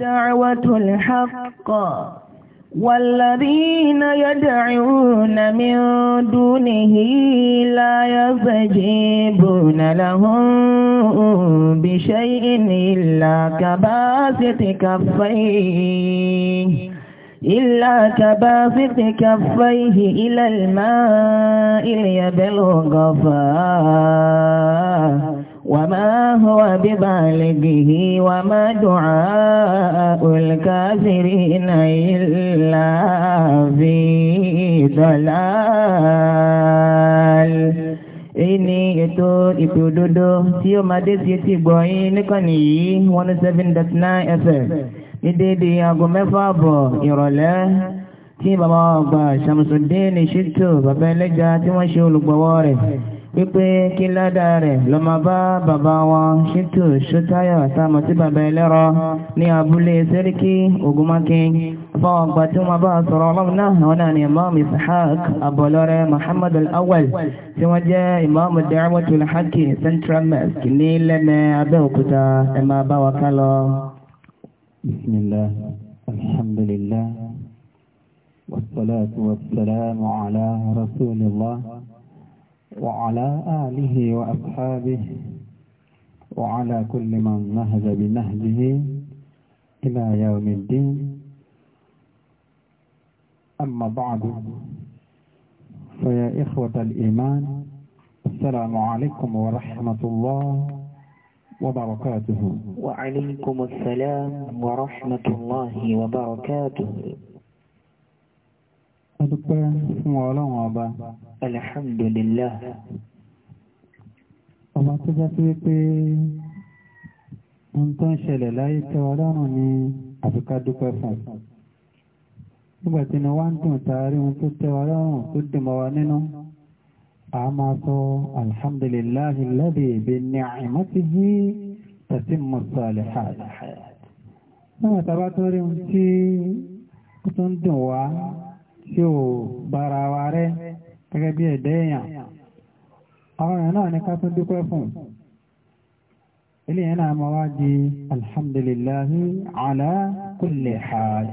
دعوة الحق والذين يدعون من دونه لا يستجيبون لهم بشيء إلا كباسط كفيه إلا كباسط كفيه إلى الماء ليبلغ غفاه وما هو ببالغه وما دعاء الكافرين إلا في ضلال ìní ètò ìpè òdodo tí ó máa dé sí etí gbọ̀nyìn níkànnì yìí one oh seven dot nine fm ní déédéé aago mẹ́fà àbọ̀ ìrọ̀lẹ́ tí bàbá ọgbà Ṣàmùsùdín ní Ṣítù bàbá ẹlẹ́ja tí wọ́n ṣe olùgbọ̀wọ́ rẹ̀ wípé kí ládà rẹ̀ lọ máa bá bàbá wọn ṣètò ṣótáyà sáàmù tí bàbá ẹlẹ́rọ ní abúlé sẹ́ríkì ogunmákin fáwọn ọgbà tí wọ́n bá sọ̀rọ̀ ọlọ́run náà àwọn náà ni imam ishaq abọ̀lọ́rẹ́ muhammad al-awwal tí wọ́n jẹ́ imam da'watul haqi central mosque ní lẹ́mẹ̀ abẹ́òkúta ẹ máa bá wa ká lọ. bismillah alhamdulillah wasalaatu wasalaamu ala rasulillah. وعلى آله وأصحابه وعلى كل من نهج بنهجه إلى يوم الدين أما بعد فيا إخوة الإيمان السلام عليكم ورحمة الله وبركاته وعليكم السلام ورحمة الله وبركاته Adúpẹ́ fún ọlọ́run ọba. Alhamdulillah. Ọba tó jẹ́ pé pé ohun tó ń ṣẹlẹ̀ láyé tẹ ọlọ́run ní àfikà dúpẹ́ fún. Nígbà tí ni wá ń dùn tààrí ohun tó tẹ ọlọ́run tó dìmọ̀ wa nínú. A máa sọ Alhamdulillah alladhi bi ni'matihi tatimmu salihat. Nígbà tá a bá tó ohun tí ó tó dùn wá tí ò bára wa rẹ́ gẹ́gẹ́ bí ẹ̀dẹ́ èèyàn àwọn èèyàn náà ní ká tún dúpẹ́ fún ilé yẹn náà máa wá di alhamdulillahi ala kulli hal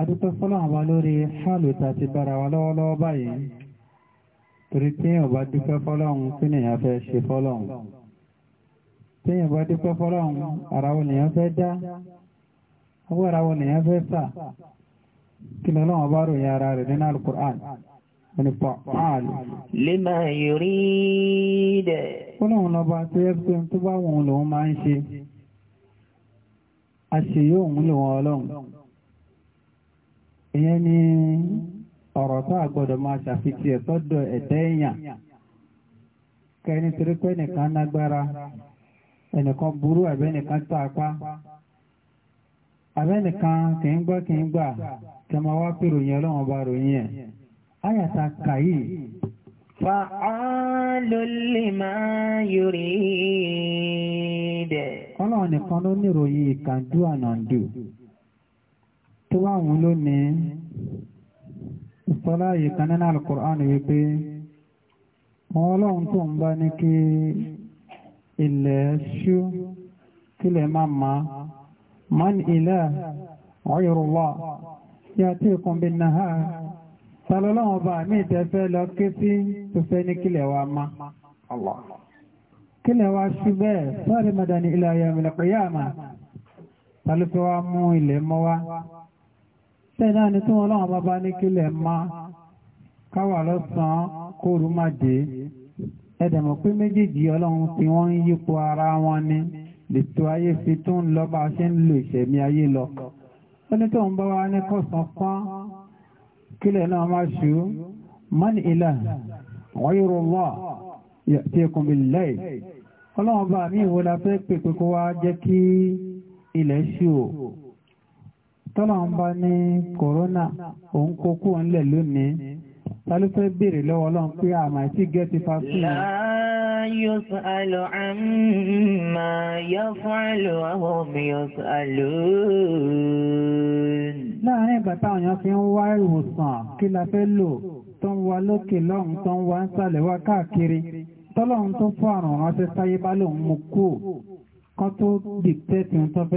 adúpẹ́ fọ́lọ́ àwọn lórí hálù tàbí bára wa lọ́wọ́lọ́wọ́ báyìí torí tí èèyàn bá dúpẹ́ fọ́lọ́hun kí nìyàn fẹ́ ṣe fọ́lọ́hun tí èèyàn bá dúpẹ́ fọ́lọ́hun ara wo nìyàn fẹ́ dá owó ara wo nìyàn fẹ́ sà kí ni ọlọ́run bá ròyìn ara rẹ̀ nínú alukur'an ẹni fa'alu. lima yurid. ọlọ́run lọ́ba tó yẹ pé tó bá wọn lòun máa ń ṣe àṣeyọ òun lòun ọlọ́run ìyẹn ni ọ̀rọ̀ tó àgbọ̀dọ̀ máa ṣàfitì ẹ̀ tọ́dọ̀ ẹ̀dẹ́ èèyàn kẹ́ni torí pé ẹnìkan lágbára ẹnìkan burú àbẹ́nìkan tó apá abẹ́nìkan kì í gbọ́ kì í gbà kí ọmọ wá pè ròyìn ọlọ́run ọba ròyìn ẹ̀ ayàtà kàyí. fa'alu lima yurid. ọlọ́run nìkan ló ní ìròyìn can do and undo tó wà lónìí ìsọlá yìí kan nínú alukur'an wípé wọn ọlọ́run tó من إله غير الله يأتيكم بالنهار صلى الله عليه وسلم كفي تفيني كلوا ما الله كلوا الشباب صارمدا إلى يوم القيامة صلوا مو إلى موا sẹ́nà ni tí wọ́n lọ́wọ́ bàbá ní kílẹ̀ máa káwà lọ́sàn-án kóòrùmàdé ẹ̀dẹ̀mọ̀ pé méjèèjì ọlọ́run tí wọ́n ń yípo ara wọn ni lètò ayé fi tó ń lọ bá ṣe ń lo ìṣẹ̀mí ayé lọ ó ní tó ń bá wá ní kọ̀sán pọ́n kílẹ̀ náà máa ṣù man ilah ghayru Allah ya'tikum bil-layl ọlọ́run bá mi ìwò la fẹ́ pèpè kó wá jẹ́ kí ilẹ̀ ṣù ò tọ́lọ́run bá ní kòrónà òun kókó ńlẹ̀ lónìí ta ló fẹ́ béèrè lọ́wọ́ ọlọ́run pé àmà tí gẹ́ ti fa fún un. Yọ́sàlọ̀ àmà yọ́fàlọ̀ àwọn ọmọ yọ́sàlọ̀. Láàárín ìgbà táwọn èèyàn fi ń wá ìwòsàn kí la fẹ́ lò tó ń wa lókè lọ́run tó ń tọ́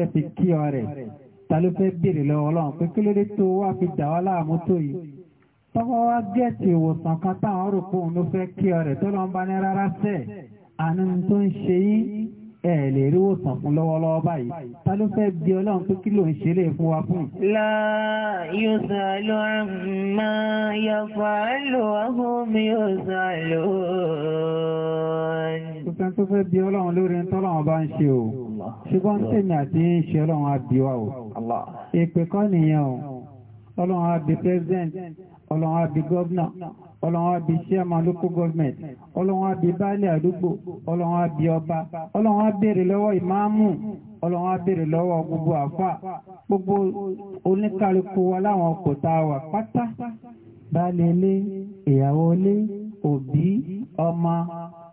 fẹ́ fi kí ọ rẹ̀. Ta fẹ́ béèrè lọ́wọ́ pé kí ló tó wá fi dà wá tó yìí? tọ́wọ́ wá gẹ̀ẹ́sì ìwòsàn kan táwọn rò pé òun ló fẹ́ kí ọ̀rẹ́ tó lọ ń bá ní rárá sẹ́ẹ̀ àánú tó ń ṣe yín ẹ lè rí wòsàn fún lọ́wọ́lọ́wọ́ báyìí ta ló fẹ́ bí ọlọ́run tó kí ló ń ṣe lè fún wa fún. la yóò sá ló àmà yàfà ló ahómi yóò sá ló. tuntun tó fẹ́ bí ọlọ́run lórí ń tọ́lọ́run bá ń ṣe o ṣùgbọ́n tèmi àti ń ṣe ọlọ́run á bí wa o. ìpè kọ́ nìyẹn o ọlọ́run á bí president ọlọ́run àbí gọ́vnà ọlọ́run àbí chairman local government ọlọ́run àbí baálẹ̀ àdúgbò ọlọ́run àbí ọba ọlọ́run àbèrè lọ́wọ́ ìmáàmù ọlọ́run àbèrè lọ́wọ́ gbogbo àfà gbogbo oníkálukú wa láwọn ọkọ̀ tá a wà pátá baálé ilé ìyàwó ilé òbí ọmọ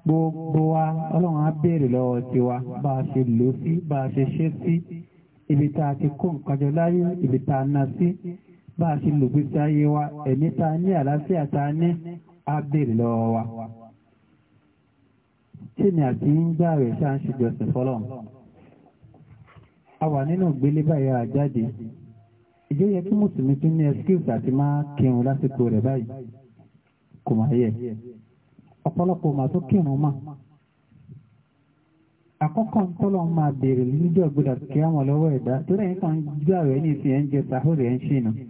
gbogbo wa ọlọ́run àbèrè lọ́wọ́ tiwa bá a ṣe lò sí bá a ṣe ṣe sí ibi tá a ti kó nǹkan jọ láyé ibi tá a ná sí. bá a ṣe lògbé ayé wa ẹ̀mí ta ní àlàáfíà ta ní á béèrè lọ́wọ́ wa. a wà nínú ìgbélé báyìí a jáde yẹ kí mùsùlùmí tún ní excuse àti máa kírun lásìkò rẹ̀ báyìí kò máa yẹ ọ̀pọ̀lọpọ̀ mà tó kírun mà àkọ́kọ́ ńtọ́lọ́ máa béèrè níjọ́ gbọdọ̀ kí á wọn lọ́wọ́ ẹ̀dá torí kan rẹ̀ ní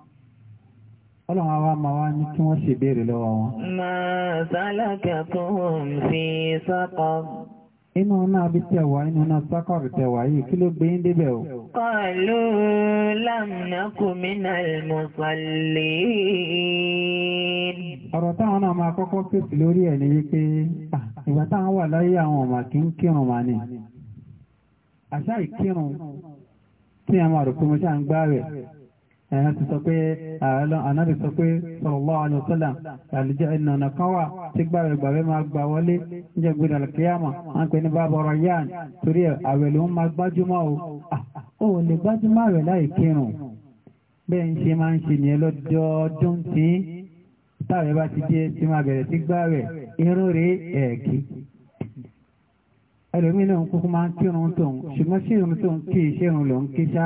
ọlọ́run àwọn àmà wá ní kí wọ́n ṣe béèrè lọ́wọ́ wọn. máa sálàkà tó ń fi sọ́kọ̀. inú náà bí tẹ̀wà inú náà sọ́kọ̀ rẹ̀ tẹ̀wà yìí kí ló gbé yín débẹ̀ o. kọlu lámùnákùmínà mùsàlì. ọ̀rọ̀ táwọn náà máa kọ́kọ́ fèsì lórí ẹ̀ ni wípé ìgbà táwọn wà láyé àwọn ọ̀mà kì ń kírun mà ní. àṣà ìkírun tí a máa rò pé mo ṣáà ń gbá rẹ̀. ẹ̀yàn ti sọ pé ànábì sọ pé sallallahu alaihi wasallam ìnànà kan wà tí gbàwẹ̀ máa gbà wọlé níjẹ́ gbé dàlùkíyàmà wọn pè ní bàbá yáàn torí àwẹ̀ ló ń máa gbájúmọ́ o ò lè gbájúmọ́ àwẹ̀ láì bẹ́ẹ̀ ń ṣe máa ń ṣe tí ti máa bẹ̀rẹ̀ sí irú ẹlòmíì náà kúkú máa ń kírun tó ń ṣùgbọ́n sí irun tó ń kí ìṣẹ́run ló ń kí sá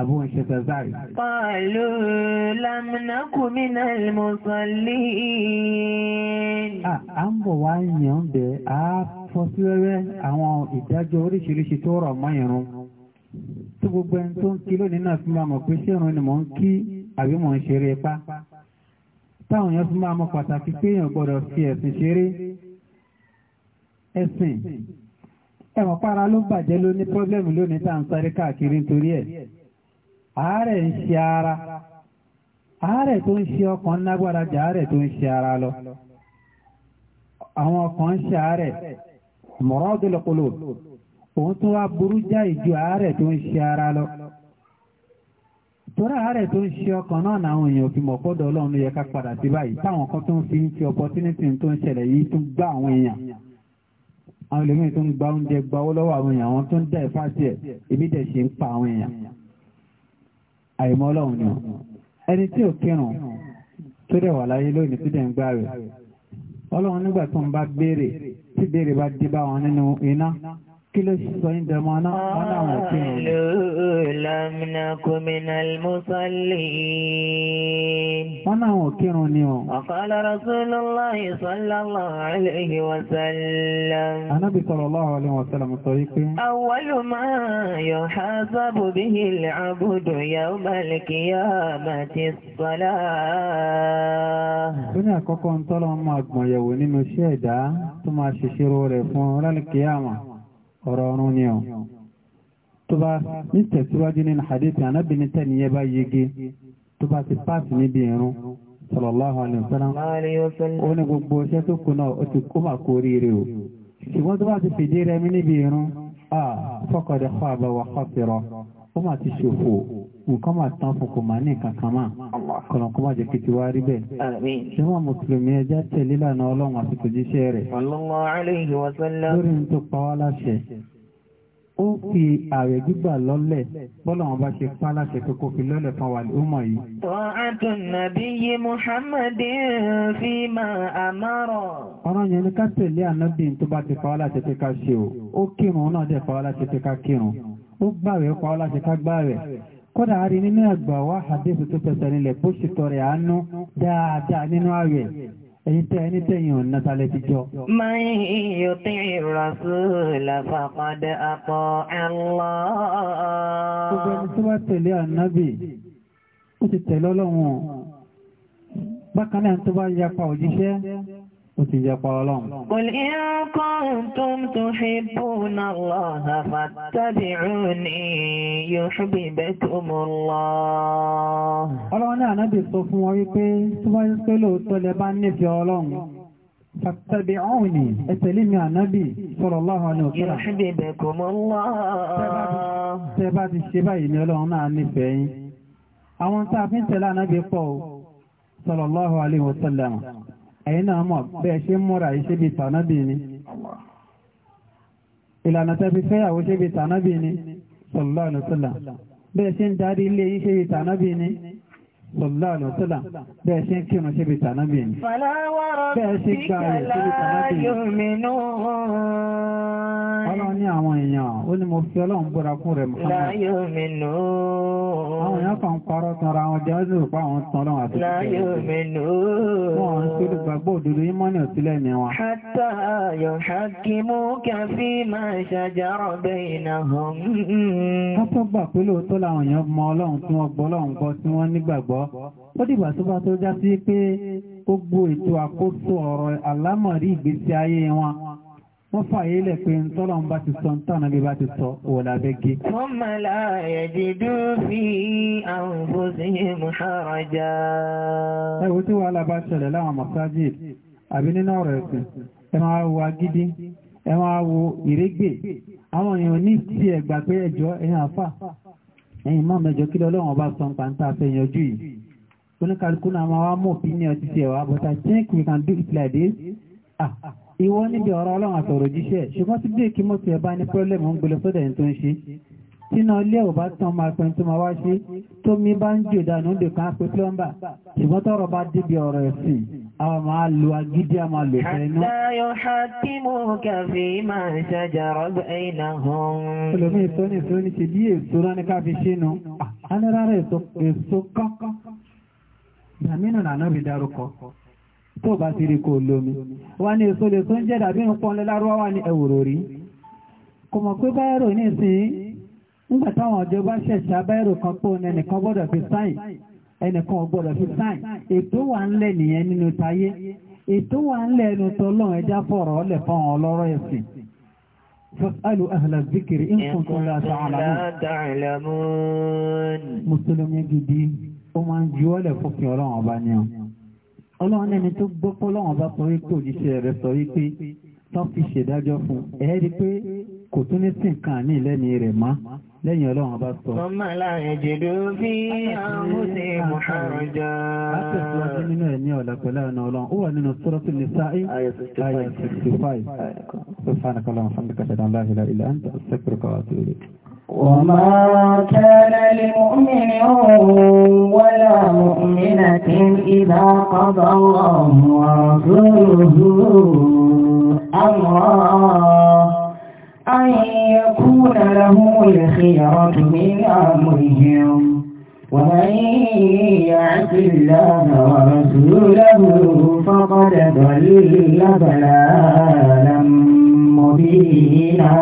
àbú ìṣẹ́ tẹ̀sárì. pàlú lámìnákù mínà ìmọ̀sánlé. à ń bọ̀ wá yàn bẹ́ a fọ́ sí wẹ́wẹ́ àwọn ìdájọ́ oríṣiríṣi tó rọ̀ mọ́ irun tó gbogbo ẹni tó ń kí lónìí náà fi máa mọ̀ pé ṣé irun ni mò ń kí àbí mò ń ṣeré pa táwọn èèyàn fi máa mọ̀ pàtàkì pé èèyàn gbọ́dọ̀ fi ẹ̀sìn ṣeré ẹ̀sìn ẹ̀wọ̀n para ló bàjẹ́ ló ní pọ́blẹ́mù lónìí tá à ń sáré káàkiri nítorí ẹ̀ àárẹ̀ ń ṣe ara àárẹ̀ tó ń ṣe ọkàn lágbára jẹ́ àárẹ̀ tó ń ṣe ara lọ àwọn ọkàn ń ṣe àárẹ̀ maradul qulub òun tó wá burú já ìju àárẹ̀ tó ń ṣe ara lọ torí àárẹ̀ tó ń ṣe ọkàn náà làwọn èèyàn fi mọ̀ gbọ́dọ̀ ọlọ́run yẹ ká padà sí báyìí táwọn kan tó ń fi ń ṣe opportunity tó ń ṣẹlẹ̀ yìí tún gbá àwọn èèyàn àwọn ẹlòmíì tó ń gba oúnjẹ gbawó lọ́wọ́ àwọn èèyàn àwọn tó ń dẹ̀ fásitì ẹ̀ ebi dẹ̀ ṣe ń pa àwọn èèyàn àìmọ́ ọlọ́run ni ẹni tí ò kírun tó dẹ̀ wà láyé lónìí tó dẹ̀ ń gbá rẹ̀ ọlọ́run nígbà tó ń bá béèrè tí béèrè bá dé bá wọn nínú iná kí ló sọ yín dẹ̀ mọ́ náà wọn náà wọn kírun. لم نك من المصلين وقال رسول الله صلى الله عليه وسلم النبي صلى الله عليه وسلم أول ما يحاسب به العبد يوم القيامة الصلاة Bíní àkọ́kọ́ ń tọ́lọ ọmọ àgbọ̀n yẹ̀wò nínú iṣẹ́ ẹ̀dá tó máa ṣiṣẹ́ rẹ̀ fún rálìkíyàmà ọ̀rọ̀ ọ̀run ni ọ̀ tó bá ní tẹ̀síwájú nínú hadithi ànábì ní tẹ́niyẹ bá yege tó bá ti pàṣẹ níbi ìrún sallallahu alaihi wasallam ó ní gbogbo iṣẹ́ tó kù náà ó ti kó mà kó oríire o ṣùgbọ́n tó bá ti fìdí rẹmi níbi ìrún faqad khaba wa khasira ó mà ti ṣòfò nǹkan máa tán fún kò máa ní kankan máa kọ̀nà kó jẹ́ kí ti wá rí bẹ́ẹ̀. ṣé wọn mùsùlùmí ẹja tẹ̀lé lánàá ọlọ́run àti tòjíṣẹ́ rẹ̀ lórí ní tó pa wá láṣẹ ó fi ààrẹ gbígbà lọ́lẹ̀ bọ́lá wọn bá ṣe pa láṣẹ pé kó fi lọ́lẹ̀ fún wa ló yìí. Tọ́hátùn nàbí yé Mùhàmmadi fi máa àmárọ̀. Ọ̀rọ̀ yẹn ni ká tẹ̀lé ànábì tó bá ti fọwọ́ láṣẹ pé ká ṣe o. Ó kírun náà dẹ̀ fọwọ́ láṣẹ pé ká kírun. Ó gbààwẹ̀ fọwọ́ láṣẹ ká gbààwẹ̀. Kódà a rí nínú ẹgbàá wá àdéhùn tó fẹsẹ̀ nílẹ̀ bó ṣe tọrẹ àánú dáadáa nínú ààwẹ̀. Èyí tẹ́ ẹni tẹ́yìn ọ̀nà tàlẹ̀ ti jọ. Máa yíò tí ìrọ̀súlà fàpadà àpọ̀ ẹ̀lọ́. Gbogbo ẹni tó bá tẹ̀lé ànábì, ó ti tẹ̀lé Ọlọ́run. Bákan ó ti yẹ pa ọlọ́run. Qul in kuntum tuhibbuna Allaha fattabi'uni yuhbibkumullah. Ọlọ́run náà náà dè sọ fún wọn wípé tó bá pé lóòótọ́ lẹ bá nífẹ̀ẹ́ ọlọ́run. Fattabi'uni ẹ tẹ̀lé mi ànábì sallallahu alaihi wa sallam. bá ti ṣe báyìí ni ọlọ́run náà nífẹ̀ẹ́ yín. Àwọn tá a ànábì pọ̀ sallallahu alaihi wa ẹ̀yin náà mọ̀ bẹ́ẹ̀ ṣe ń múra yìí ṣe bí tànábì ni ìlànà tẹ́ fi fẹ́yàwó ṣe bí tànábì ni sallallahu bẹ́ẹ̀ ṣe ń darí ilé yìí ṣe bí tànábì sallallahu alaihi wasallam bẹ́ẹ̀ ṣe ń kírun ṣe bí tànábì ẹni bẹ́ẹ̀ ṣe gbà rẹ̀ ṣe bí tànábì ẹni ọlọ́run ní àwọn èèyàn ó ní mo fi ọlọ́run búra kún rẹ̀ Muhammad àwọn èèyàn kan parọ́ tanra àwọn jẹ́ hatta yuhakkimuka fima shajara bainahum. ká ó dìgbà tó bá tó já sí pé gbogbo ètò àkóso ọ̀rọ̀ àlámọ̀rí ìgbésí ayé wọn wọ́n fàyè lẹ̀ pé ń tọ́lọ̀ ń bá ti sọ ń tànà bí bá ti sọ òòlà bẹ́ gé. wọ́n máa la ẹ̀jẹ̀dú fi àwọn ìbòsíyìn mùsàràjà. ẹ wo tí wàhálà bá ṣẹlẹ̀ láwọn mọ̀sájì àbí nínú ọ̀rọ̀ ẹ̀sìn ẹ máa wo agídí ẹ máa wo ìrégbè àwọn èèyàn ní ti ẹ̀gbà pé ẹjọ́ ẹ̀yìn àfà ẹ̀yin máa mẹ́jọ kí lọ́lọ́wọ́n bá sọ nǹkan tá a fẹ́ yanjú yìí oníkàlùkù náà máa wá mú opinion ti ṣe wá but I think we can do it like ah ìwọ níbi ọ̀rọ̀ ọlọ́run àtọ̀rọ̀ jíṣẹ́ ṣùgbọ́n tí bí èkí mọ́tò ẹ̀ bá ní pọ́lẹ́mù ń gbélé sódà ẹni tó ń ṣe tínà ilé ò bá tán máa pẹ́ tó máa wá ṣe tómi bá ń jò dànù ó dè kàn á pé plọ́mbà ṣùgbọ́n tọ́rọ̀ bá débi ọ̀rọ̀ ẹ̀sìn àwọn máa lo agídí a máa lò fẹ́ iná. Àtàyọ̀ Hakimu kàfí máa ṣàjàrọ̀ ẹ̀nà hàn. Olùmí èso ní èso ní ṣe bí èso rání káfí ṣínú. A ní rárá èso kọ́kọ́. Ìdàmínú nànà rí dárúkọ. Tó bá ti rí kò lómi. Wá ní èso lè tó jẹ́ dàbí nǹkan lẹ́lárúwá wá ní ẹ̀wòrò rí. Kò mọ̀ pé báyẹ̀rò ní ìsìn nígbà táwọn ọjọ́ bá ṣẹ̀ṣẹ̀ abáyẹ̀rò kan pọ̀ nẹnìkan gbọ́dọ̀ fi sáyìn ẹnìkan ọgbọ́dọ̀ fi sáìn ètò wà ń lẹ̀ nìyẹn nínú tayé ètò wà ń lẹ̀ ẹnu tọ́lọ́run ẹjá fọ̀rọ̀ ọlẹ̀ fáwọn ọlọ́rọ̀ ẹ̀sìn fasalu ahla zikiri in kuntum la gidi ó máa ju ọlẹ̀ fòfin ọlọ́run ọba ni ọ ọlọ́run ẹni tó gbọ́ pọ́lọ́run ọba sọ wípé òjíṣẹ́ rẹ̀ sọ wípé tó fi ṣèdájọ́ fún ẹ̀ẹ́rí pé kò tún ní sí ní ìlẹ́ni rẹ̀ máa lẹ́yìn ọlọ́run bá sọ. ọmọ aláàrẹ jẹ́dọ́ bí àmúṣe mọ̀ṣọ́rọ̀já. a tẹ̀síwájú nínú ẹ̀ ní ọ̀la pẹ̀lú àna ọlọ́run ó wà nínú sọ́rọ́tún ní sáì ayé 65. سبحانك اللهم وبحمدك اشهد ان لا اله الا انت استغفرك واتوب اليك وما كان لمؤمن ولا مؤمنة إذا قضى الله ورسوله أمرا أن يكون له الخيرة من أمرهم ومن يعص الله ورسوله فقد ضل ضلالا مبينا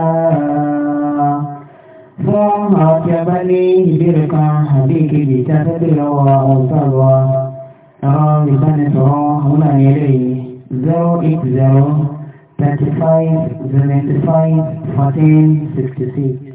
ثم كبليه بركة بك بتبدل وأوصل راغبا تراهما إليه 080 25, 25, 14, 66.